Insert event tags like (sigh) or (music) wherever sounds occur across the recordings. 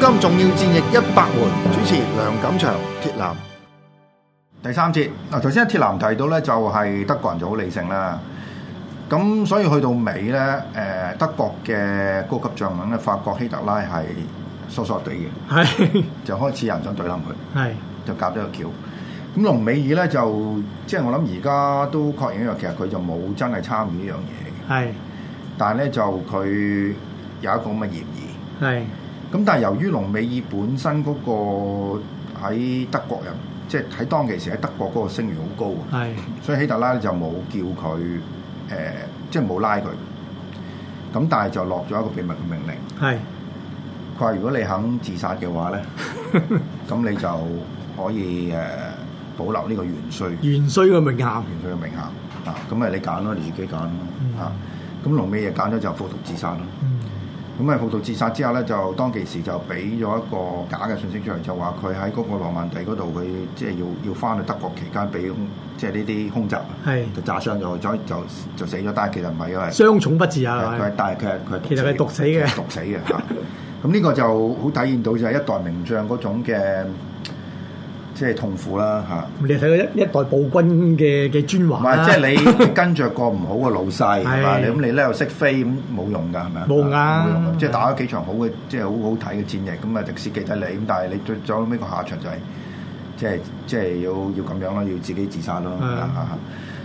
今重要戰役一百回，主持梁錦祥鐵男。第三節啊，頭先阿鐵男提到咧，就係德國人就好理性啦。咁所以去到尾咧，誒，德國嘅高級將領咧，法國希特拉係疏疏哋嘅，係就開始有人想懟冧佢，係就夾咗個橋。咁隆美爾咧就，即係我諗而家都確認咗，其實佢就冇真係參與呢樣嘢嘅，係。但係咧就佢有一個咁嘅嫌疑，係。咁但係由於隆美爾本身嗰個喺德國人，即係喺當其時喺德國嗰個聲譽好高啊，是所以希特拉就冇叫佢誒，即係冇拉佢。咁、就是、但係就落咗一個秘密嘅命令，佢話是如果你肯自殺嘅話咧，咁 (laughs) 你就可以誒、呃、保留呢個元帥 (laughs) 元帥嘅名下，元帥嘅名下，啊，咁誒你揀咯，你自己揀咯啊，咁隆美爾揀咗就服毒自殺咯。嗯咁啊，報道自殺之後咧，就當其時就俾咗一個假嘅信息出嚟，就話佢喺嗰個諾曼第嗰度，佢即係要要返去德國期間俾即係呢啲空襲，就是、是就炸傷咗，再就就，就死咗。但係其實唔係，因為傷重不治啊，係咪？但係佢係佢其實係毒死嘅， (laughs) 毒死嘅。咁呢個就好體現到就係一代名將嗰種嘅。即係痛苦啦嚇！你睇到一一代暴君嘅嘅尊華，唔係即係你跟著個唔好嘅老細係嘛？ (laughs) 的你咁你咧又識飛，咁冇用㗎，係咪冇用、啊、即係打咗幾場好嘅，的即係好好睇嘅戰役。咁啊，迪斯記得你咁，但係你到咗尾個下場就係、係、即係即係要要咁樣咯，要自己自殺咯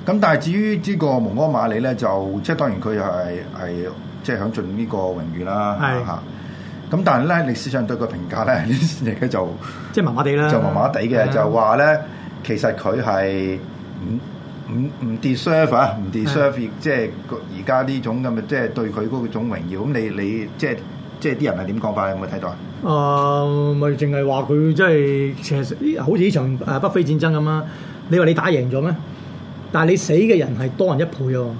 咁，的但係至於呢個蒙哥馬利咧，就即係當然佢又係係即係享盡呢個榮譽啦。係。咁但係咧，歷史上對佢評價咧，而家就即係麻麻地啦，就麻麻地嘅，是的 就話咧，其實佢係唔唔唔 deserve 啊，唔 deserve 是的 即係而家呢種咁嘅，即係對佢嗰個種榮耀。咁你你即係即係啲人係點講法？有冇睇到啊？啊、呃，咪淨係話佢即係其實好似呢場啊北非戰爭咁啦，你話你打贏咗咩？但係你死嘅人係多人一倍哦，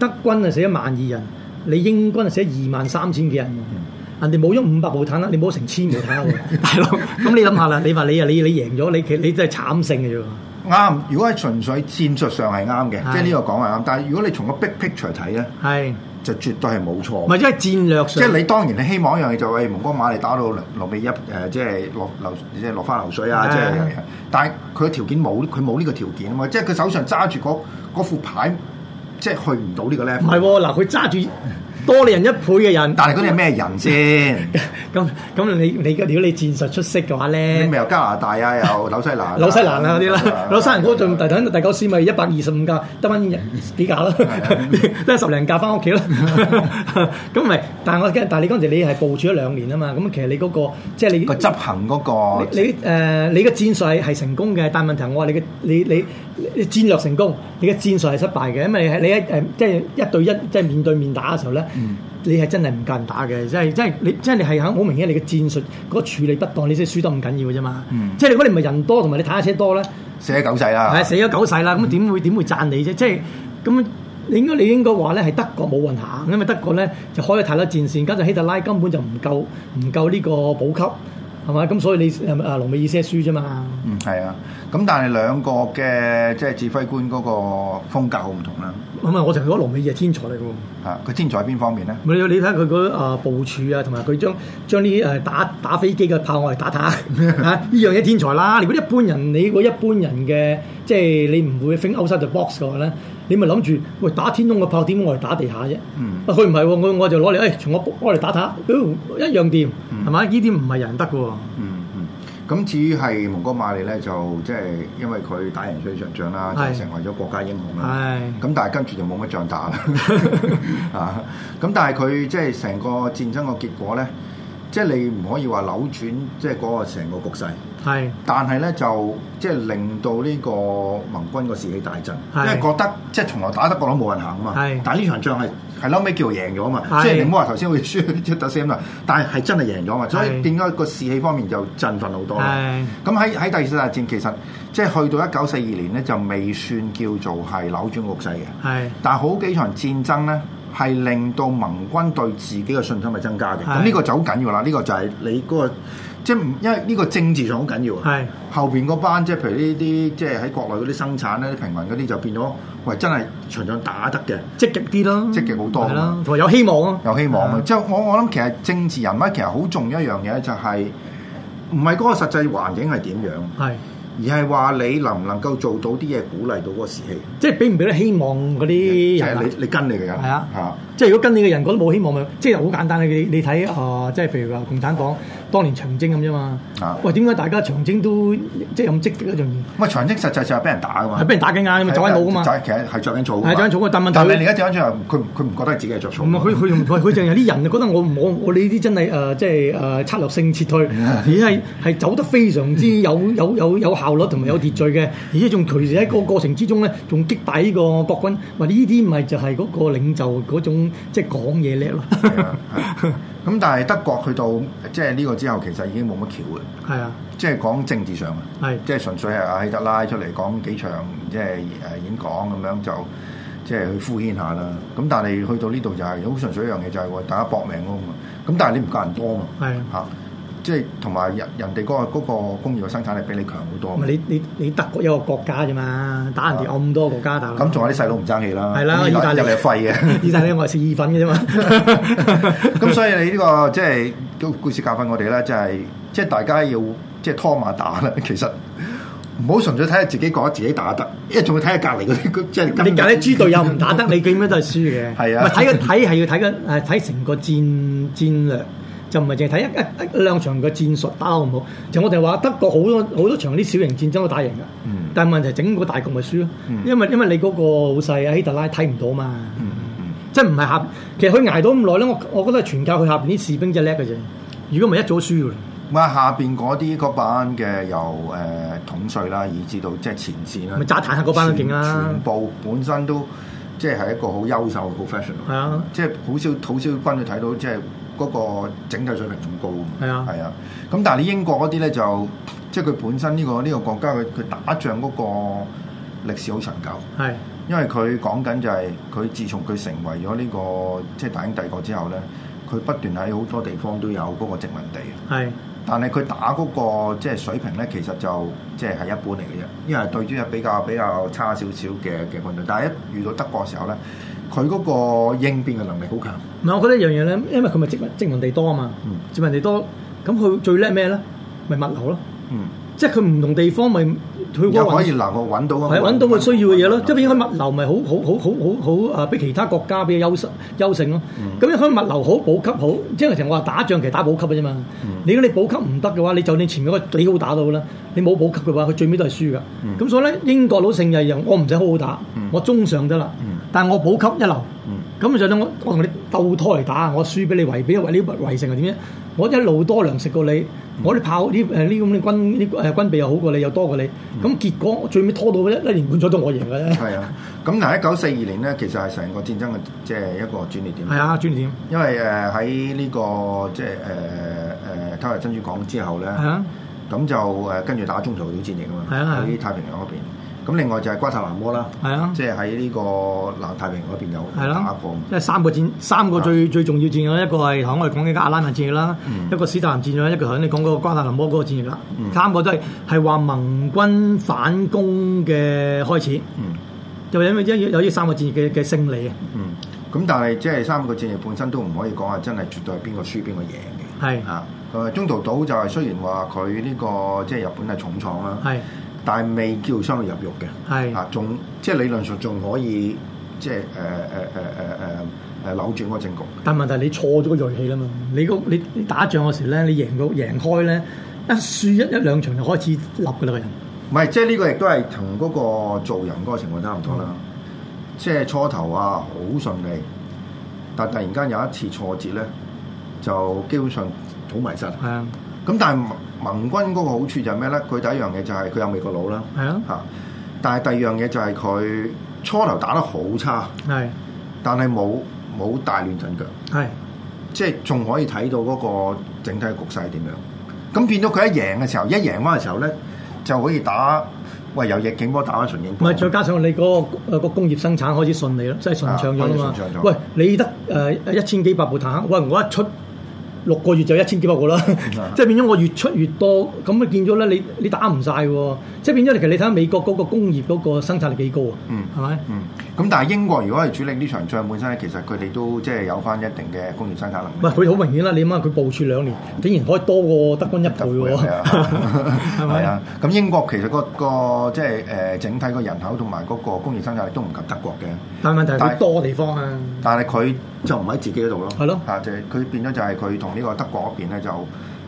德軍係死一萬二人，你英軍係死二萬三千幾人。嗯人哋冇咗五百號坦啦，你冇成千號坦啊， (laughs) 大佬。咁你諗下啦，你話你啊，你你贏咗，你其你都係慘勝嘅啫喎。啱，如果係純粹戰術上係啱嘅，是的 即係呢個講係啱。但係如果你從個 big picture 睇咧，係是的 就絕對係冇錯。咪即係戰略上，即係你當然你希望一樣嘢就係蒙哥馬利打到羅羅比一誒，即係落流即係落花流水啊！即係是的、就是、但係佢條件冇，佢冇呢個條件啊嘛，即係佢手上揸住嗰副牌，即係去唔到呢個 level。唔係嗱，佢揸住。 (laughs) 多你人一倍嘅人，但係嗰啲係咩人先？咁咁你你如果你戰術出色嘅話咧，你咪由加拿大啊，又紐西蘭，紐西蘭啊嗰啲啦，紐西蘭嗰度第第九師咪一百二十五架，得翻幾架囉，得十零架翻屋企囉。咁咪，但係我但係你嗰陣時你係部署咗兩年啊嘛，咁其實你嗰個即係你個執行嗰個，你誒你嘅戰術係成功嘅，但係問題我話你嘅你你。你戰略成功，你嘅戰術係失敗嘅，因為你喺誒即係一對一即係面對面打嘅時候咧，你係真係唔夠人打嘅，即係即係你即係你係肯好明顯你嘅戰術嗰個處理不當，你先輸得唔緊要嘅啫嘛。即係如果你唔係人多，同埋你坦克車多咧，死咗九世啦，係死咗九世啦，咁點會點會讚你啫？即係咁，你應該你應該話咧係德國冇運行，因為德國咧就開咗太多戰線，加上希特拉根本就唔夠唔夠呢個補給，係嘛？咁所以你啊啊隆美爾先輸啫嘛。嗯，係啊。咁但係兩個嘅即係指揮官嗰個風格好唔同啦。咁啊，我就係講隆美爾係天才嚟嘅喎。啊，佢天才喺邊方面咧？你睇下佢嗰啊部署啊，同埋佢將將啲誒打打飛機嘅炮我嚟打打， (laughs) 啊，呢樣嘢天才啦！如果一般人，你嗰一般人嘅即係你唔會 think outside the box 嘅話咧，你咪諗住喂打天空嘅炮點攞嚟打地下啫？嗯，佢唔係喎，我我就攞嚟誒從我我嚟打打，哦，一樣掂，係嘛？呢啲唔係人得嘅喎。嗯。咁至於係蒙哥馬利咧，就即係因為佢打贏咗場仗啦，是就成為咗國家英雄啦。咁是但係跟住就冇乜仗打啦。 (laughs) (laughs) 啊！咁但係佢即係成個戰爭個結果咧。即係你唔可以話扭轉即係嗰個成個局勢。係是，但係咧就即係令到呢個盟軍個士氣大震，是因為覺得即係從來打得過都冇人行啊嘛。係是，但係呢場仗係係嬲尾叫做贏咗啊嘛。即係你唔好話頭先好似輸出得先啊。但係係真係贏咗嘛，所以變咗個士氣方面就振奮好多啦。咁喺喺第二次大戰其實即係去到一九四二年咧就未算叫做係扭轉局勢嘅。係是，但係好幾場戰爭咧。係令到盟軍對自己嘅信心係增加嘅，咁呢是的 個就好緊要啦。呢、這個就係你嗰、那個，即係因為呢個政治上好緊要。係是的 後邊嗰班即係譬如呢啲即係喺國內嗰啲生產咧、啲平民嗰啲就變咗，喂真係場上打得嘅積極啲咯，積極好多啦，同埋有希望啊，有希望啊。即係是的 我我諗其實政治人物其實好重要一樣嘢、就是，就係唔係嗰個實際環境係點樣。係是的。而係話你能唔能夠做到啲嘢，鼓勵到嗰個士氣，即係俾唔俾得希望嗰啲人，啊？係你你跟你嘅人係啊嚇。啊即係如果跟你嘅人覺得冇希望咪，即係好簡單。你你睇啊、呃，即係譬如話共產黨當年長征咁啫嘛。喂，點解大家長征都即係咁積極一樣嘢？喂、啊，長征實際上係俾人打噶嘛？係俾人打緊、啊，走緊路噶嘛？其實係著緊草。係著緊草，但問題你而家隻觀眾佢佢唔覺得自己係著草。佢佢仲佢仲有啲人就 (laughs) 覺得我我我哋呢啲真係誒即係誒策略性撤退，而且係走得非常之有有有有，有效率同埋有秩序嘅，而且仲隨時喺個過程之中咧仲擊敗呢個國軍。話呢啲唔係就係嗰個領袖嗰種。即係講嘢叻咯，咁但係德國去到即係呢個之後，其實已經冇乜橋嘅。係啊的，即係講政治上，係即係純粹係阿希特拉出嚟講幾場，即係誒演講咁樣就即係去敷衍下啦。咁但係去到呢度就係好純粹一樣嘢就係大家搏命咁嘛。咁但係你唔夠人多嘛，係吓的。啊即係同埋人人哋嗰、嗰個嗰個工業嘅生產力比你強好多。唔係你你你德國有個國家啫嘛，打人哋咁多國家打個國家。咁仲、啊、有啲細佬唔爭氣啦。係啦，意大利又嚟廢嘅，意大利我係食意粉嘅啫嘛。咁 (laughs) (laughs) 所以你呢、呢個即係、就是、故事教訓我哋啦、就係，即係即係大家要即係拖馬打啦。其實唔好純粹睇下自己覺得自己打得，因為仲要睇下隔離嗰啲。即係你隔離知道又唔 (laughs) 打得，你點樣都係輸嘅。係是啊， (laughs) 睇個睇係要睇個誒睇成個戰戰略。就唔係淨係睇一、一、一兩場嘅戰術打好唔好？就我哋話德國好多好多場啲小型戰爭都打贏嘅，嗯、但係問題整個大局咪輸咯。因為因為你嗰個老細阿希特拉睇唔到嘛，嗯、即係唔係下其實佢挨到咁耐咧。我我覺得係全靠佢下邊啲士兵真叻嘅啫。如果唔係一早輸嘅。唔係下邊嗰啲嗰班嘅由誒、呃、統帥啦，以至到即係前線啦，咪炸坦克嗰班都勁啦。全部本身都即係一個好優秀嘅 professional。係啊，即係好少好少軍佢睇到即係。嗰個整體水平仲高是啊，啊！係啊，係啊，咁但係你英國嗰啲咧就，即係佢本身呢、呢個呢、呢個國家佢佢打仗嗰個歷史好長久。係，是啊、因為佢講緊就係佢自從佢成為咗呢、呢個即係大英帝國之後咧，佢不斷喺好多地方都有嗰個殖民地。係是、啊嗰個，但係佢打嗰個即係水平咧，其實就即係係一般嚟嘅啫，因為對住比較比較差少少嘅嘅軍隊，但係一遇到德國嘅時候咧。佢嗰個應變嘅能力好強。唔係，我覺得一樣嘢咧，因為佢咪殖民殖民地多啊嘛。殖民地多，咁佢最叻咩咧？咪物流咯。即係佢唔同地方咪佢又可以難我揾到啊！係揾到佢需要嘅嘢咯。即係因為物流咪好好好好好好啊！俾其他國家俾優勢優勝咯。咁因為物流好，補給好，即係成日我話打仗其實打補給噶啫嘛。如果你補給唔得嘅話，你就你前面個幾好打到啦。你冇補給嘅話，佢最尾都係輸噶。咁所以咧，英國佬勝就係我唔使好好打，我中上得啦。但係我補給一流，咁就等我同你鬥拖嚟打，我輸俾你圍俾，你圍,圍,圍成係點啫？我一路多糧食過,、嗯、過你，我哋炮呢誒呢咁嘅軍呢誒軍備又好過你，又多過你，咁結果最尾拖到一一年半載都我贏嘅。咧、嗯。係啊， (laughs) 咁嗱，一九四二年咧，其實係成個戰爭嘅即係一個轉捩、就是、點,點。係啊，轉捩點。因為誒喺呢個即係誒誒偷襲珍珠港之後咧，咁就誒跟住打中途島戰役啊嘛，喺太平洋嗰邊。呃呃呃呃呃呃呃欸咁另外就係瓜達蘭摩啦，即係喺呢個南太平洋嗰邊有打過。即係三個戰，三個最最重要戰役啦，一個係響我哋講嘅阿拉曼戰役啦，一個史特林戰役啦，一個響你講嗰個瓜達蘭摩嗰個戰役啦。三個都係係話盟軍反攻嘅開始。就因為一有呢三個戰役嘅嘅勝利。嗯，咁但係即係三個戰役本身都唔可以講話真係絕對係邊個輸邊個贏嘅。係啊，中途島就係雖然話佢呢個即係日本係重創啦。係。但係未叫生對入肉嘅，係啊是，仲即係理論上仲可以即係誒誒誒誒誒誒扭轉嗰個政局。但係問題你挫咗個鋭氣啦嘛，你你、嗰個、你打仗嗰時咧，你贏到贏開咧，一輸一一兩場就開始立㗎啦個人。唔係、嗯，即係呢個亦都係同嗰個做人嗰個情況差唔多啦。嗯、即係初頭啊，好順利，但係突然間有一次挫折咧，就基本上好迷失。係啊。咁但係盟軍嗰個好處就係咩咧？佢第一樣嘢就係佢有美國佬啦，嚇！但係第二樣嘢就係佢初頭打得好差，係，但係冇冇大亂陣腳，係，即係仲可以睇到嗰個整體嘅局勢點樣。咁變咗佢一贏嘅時候，一贏翻嘅時候咧，就可以打喂由逆境波打翻順境波。唔係，再加上你嗰個誒個工業生產開始順利啦，即係順暢咗啊嘛。喂，你得誒一千幾百部坦克，喂，我一出。六個月就一千幾百個啦，嗯、 (laughs) 即係變咗我越出越多，咁咪見咗咧？你你打唔晒喎？即係變咗其實你睇下美國嗰個工業嗰個生產力幾高啊？嗯，係咪？嗯，咁但係英國如果係主力呢場仗本身咧，其實佢哋都即係有翻一定嘅工業生產能力。唔係佢好明顯啦，你諗下佢部署兩年，竟然可以多過德軍一倍喎！係 (laughs) 是啊，係啊，咁英國其實、嗰個、嗰個即係誒整體個人口同埋嗰個工業生產力都唔及德國嘅。但係問題係佢多地方啊。但係佢就唔喺自己嗰度咯。係咯，啊就係佢變咗就係佢同。呢個德國嗰邊咧就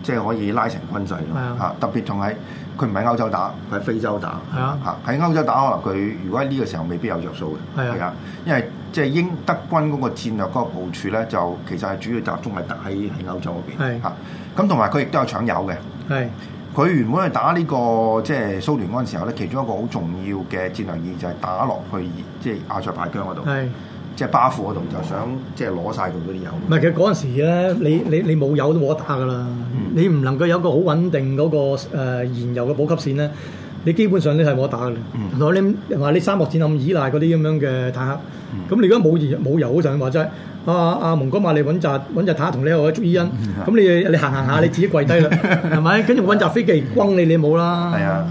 即係可以拉成軍勢咯，嚇是、啊、特別仲喺佢唔喺歐洲打，佢喺非洲打，嚇喺是、啊、歐洲打可能佢如果喺呢個時候未必有着數嘅，係是啊，因為即係英德軍嗰個戰略嗰個部署咧，就其實係主要集中係打喺歐洲嗰邊，嚇咁同埋佢亦都有搶油嘅，係佢是、啊、原本係打呢個即係蘇聯嗰陣時候咧，其中一個好重要嘅戰略意義就係打落去即係亞塞拜疆嗰度。即係巴庫嗰度就想即係攞晒佢嗰啲油。唔係 (noise) 其實嗰陣時咧，你你你冇油都冇得打噶啦。 (noise) 你唔能夠有個好穩定嗰個誒燃油嘅補給線咧。你基本上咧係冇得打嘅，原來你話你沙漠戰咁依賴嗰啲咁樣嘅坦克，咁你、嗯、如果冇油冇油嗰陣話齋，啊阿、啊、蒙哥馬利揾扎揾扎坦克同你我捉伊恩，咁、嗯啊、你你行行下你自己跪低、嗯、 (laughs) 啦，係咪、嗯？跟住揾扎飛機轟你你冇啦。係啊，咁、啊、呢、啊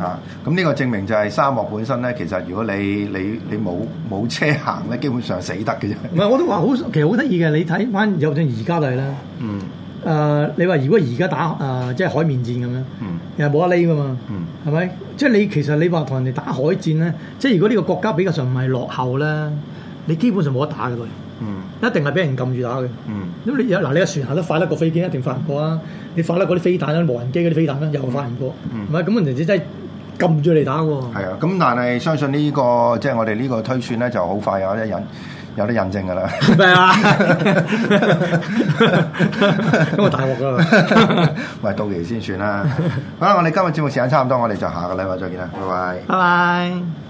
嗯啊這個證明就係沙漠本身咧，其實如果你你你冇冇車行咧，基本上死得嘅。唔係、嗯嗯、我都話好，其實好得意嘅，你睇翻有陣而家嚟啦。嗯。嗯。誒、呃，你話如果而家打誒、呃，即係海面戰咁樣，嗯、又冇得匿噶嘛，係咪、嗯？即係你其實你話同人哋打海戰咧，即係如果呢個國家比較上唔係落後咧，你基本上冇得打㗎佢，嗯、一定係俾人撳住打嘅。咁、嗯、你有嗱，你個船行得快得過飛機，一定快唔過啊？你快得過啲飛彈咧，無人機嗰啲飛彈咧，又快唔過，係咪、嗯？咁人哋真係撳住你打喎。係啊、嗯，咁但係相信呢、這個即係、就是、我哋呢個推算咧、啊，就好快有一日。有啲印證㗎啦，係嘛？因為大鑊㗎啦，咪到期先算啦。 (laughs) (laughs) 好啦，我哋今日節目時間差唔多，我哋就下個禮拜再見啦，拜拜。拜拜。